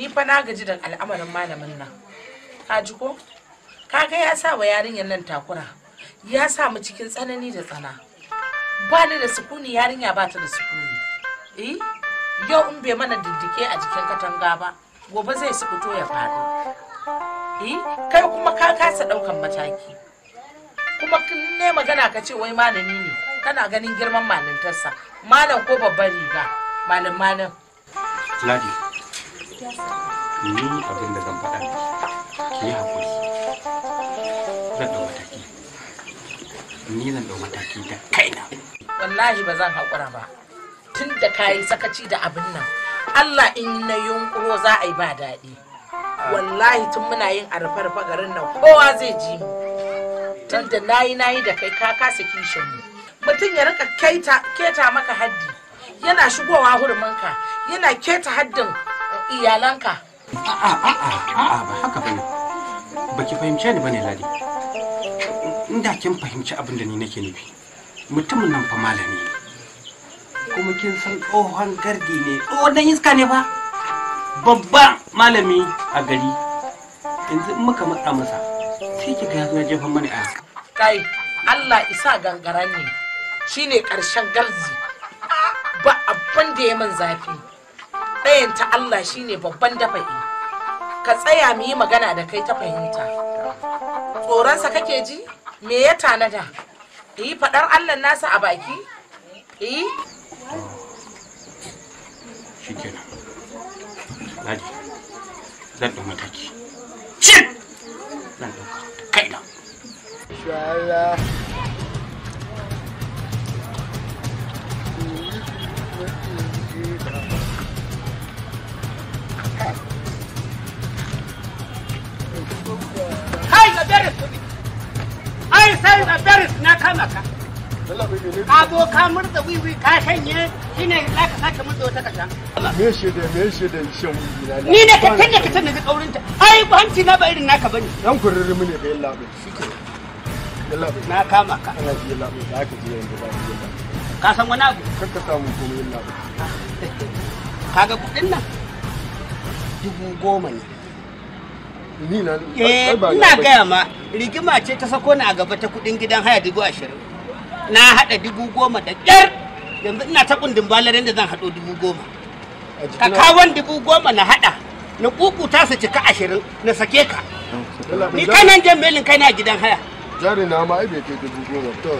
ni fa na gaji da al'amarin malamin nan ka ji ko kaga ya sa wa yarinyar nan takura ya sa mu cikin tsanani da tsana ba ni da sukuni yarinya ba ta da sukuni eh yau in bai mana diddike a jikin katanga ba gobe zai su fito ya faru eh kai kuma ka kasa daukan mataki kuma kin ne magana ka ce wai malami ne kana ganin girman malintarsa malam ko babban riga malam malam ladi ni abin da zan faɗa ki yi haƙuri zan ɗau mataki ni zan ɗau mataki da kaina wallahi ba zan haƙura ba tun da ka yi sakaci da abin nan allah in na yunƙuro za a yi ba daɗi wallahi tun muna yin arfarfa garin nan kowa zai ji mu tun da na nayi nayi da kai ka kasa kishin mu mutum ya rika keta maka haddi yana shigowa hurmanka, yana keta haddin iyalanka a'a a'a a'a ba haka bane baki fahimce ni bane ladi inda kin fahimci abin da ni nake nufi mutumin nan fa malami ne kuma kin san tsohon gardi ne tsohon iska ne ba babba malami a gari yanzu in muka matsa masa sai ki ga ya jefa mana a kai Allah isa gangara ne shine karshen galzi ba abin da ya man zafi tsayin ta Allah shine babban dafa'i ka tsaya mu yi magana da kai ta fahimta tsoronsa kake ji me ya tanada yi faɗar Allah nasa a baki yi shikenan ladi zan ɗan mataki cin zan Allah ka ka murza wiwi ka shanye shi ne za sake murza wata kasa. Me shi da me shi da shan na. Ni ne ka tunda ka tunda ga kaurin ta. Ai hanci na ba irin naka bane. Dan Na kama ka. Ka san wani abu? Kar ka samu labe. Kaga goma na. Eh ina gaya ma rigima ce ta sako ni a gaba ta kudin gidan haya dubu ashirin. na haɗa dubu goma da ƙyar yanzu ina ta kundin balaren da zan haɗo dubu goma ka kawon dubu goma na haɗa na kukuta su cika ashirin na sake ka ni kanan jan melin kai na gidan haya jari na ma ibe ke dubu goma to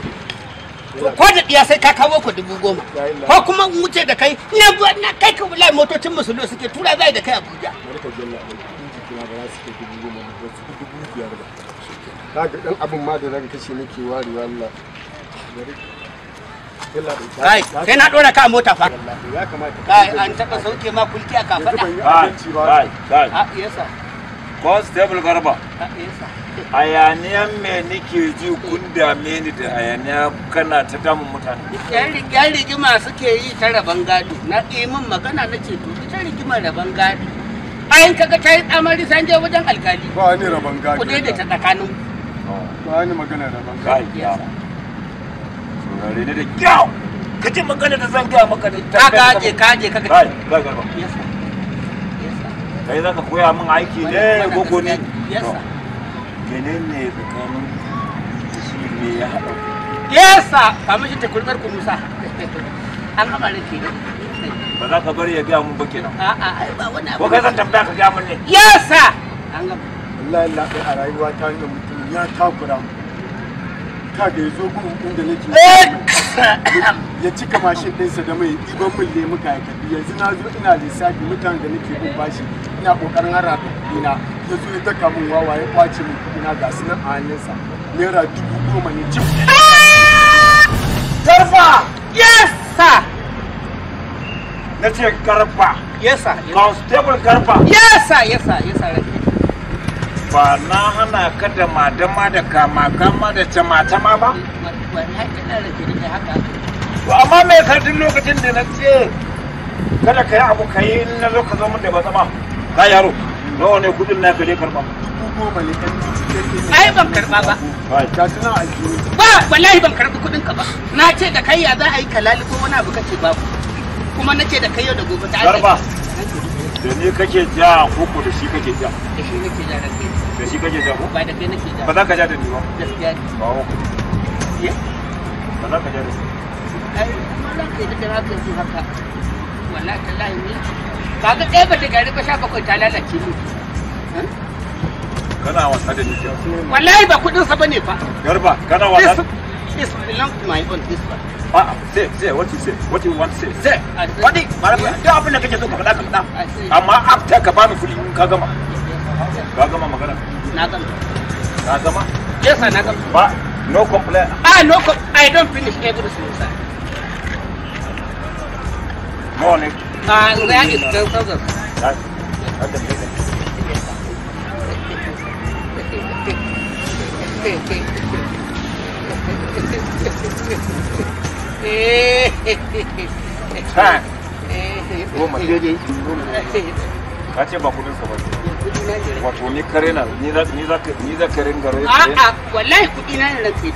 ko da diya sai ka kawo ku dubu goma ko kuma in wuce da kai ina na kai ka wallahi motocin musulmi suke tura zai da kai Abuja ka ga dan abun ma da zaka kashe nake wari wallahi kai kai na dora ka mota fa kai an taba sauke ma kulki a kafada kai kai ah, yesa constable garba ah, ayaniyan me nike ji kun dame ni da hayaniya kana ta damun mutane yan rigima suke yi ta raban gado na min magana na ce to ita rigima raban gado in kaga ta yi tsamari san je wajen alkali ba ni raban gado ku ta tsakanin ba ni magana raban gado Rare ne da kyau. Ka ji magana da zan gaya maka da ita. Ka je ka je ka ga. Kai ka koya min aiki ne gogo ne. tsakanin shi ne ya haɗa? Yes sir. Kamar ta kulmar ku Musa. An haɓa da ba za ka bari ya gaya mun ba kenan. ba wani Ko kai zan tambaya ka gaya mun ne? yasa. An gaba. Allah ya a rayuwa ta hanyar mutum ya takura mu. ka da ya zo inda nake eh! ya cika mashin ɗinsa da mai ɗiban min lemu ka ya kaɗi yanzu na zo ina lissafi mutanen da nake bin bashi ina ƙoƙarin hara kuɗina ya zo ya taka min wawa ya ƙwace min kuɗina ga su nan a hannunsa naira dubu goma ne cif. Garba! Yes! Sir! Na ce garba! Yes sir! Constable garba! Yes sir! Yes sir! Yes sir! ba na hana ka da madama da kama kama da tamatama ba? To amma me yasa duk lokacin da na ce kada ka yi abu ka yi na zo ka zo min da zama. ka yaro nawa ne gudun na ka je karba. Ai ban karba ba. Ba wallahi ban karbi kudin ka ba. Na ce da kai ya za a yi kalali ko wani abu kace babu. Kuma na ce da kai yau da gobe ta. Karba. da ni kake ja ko ko da shi kake ja da shi nake ja da kai da shi kake jago ba da kai nake jago ba za ka ja da ni ba gaskiya ba wa ku ba za ka ja da shi ai Allah kai da kana ka ji haka wallahi tallahi ni kaga ɗaya ba ta gari ba sha bakwai ta lalace ni kana wasa da ni wallahi ba kudin sa bane fa garba kana wasa this belong to my own this one a'a sai sai what you say what you want to say say wani mara da abin da kake so ka faɗa ka faɗa amma after ka bani kuɗi ka gama Ka magana? Yes, sir, na But no complaint. Ah, no complaint. I don't finish everything, sir. Morning. Uh, where is the brother? That's, that's Hey. Hey. Hey. Hey. Hey. Hey. Hey ka ce ba kudin sa ba wato ni kare na ni za ni za ni za kare ga a a wallahi kudi na ne ce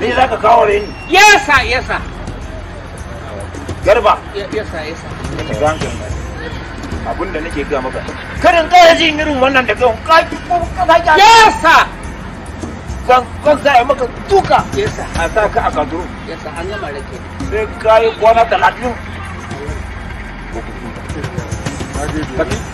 ni za ka kawo ni. yasa yasa garba yasa yasa ka ganga da nake ga maka karin kaya ji irin wannan da kan ka ka yasa kan kan sai maka duka yasa a sa ka a kaduru yasa an gama rake sai kai kwana 30 Thank you.